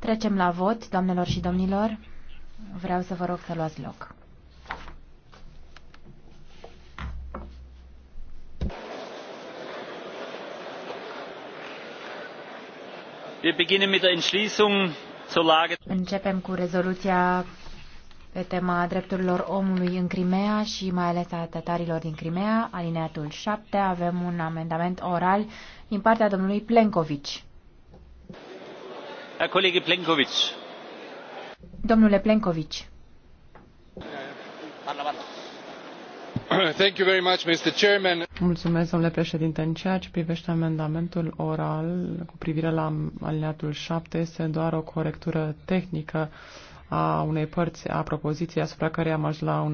Trecem la vot, doamnelor și domnilor. Vreau să vă rog să luați loc. Wir beginnen mit der Entschließung zur Lage. Începem cu rezoluția pe tema drepturilor omului în Crimea și mai ales a tătarilor din Crimea, alineatul 7, avem un amendament oral din partea domnului Plenkovici. Domnule Plenkovic. Mulțumesc, domnule președinte. În ceea ce privește amendamentul oral cu privire la alineatul 7, este doar o corectură tehnică a unei părți a propoziției asupra care am ajuns la un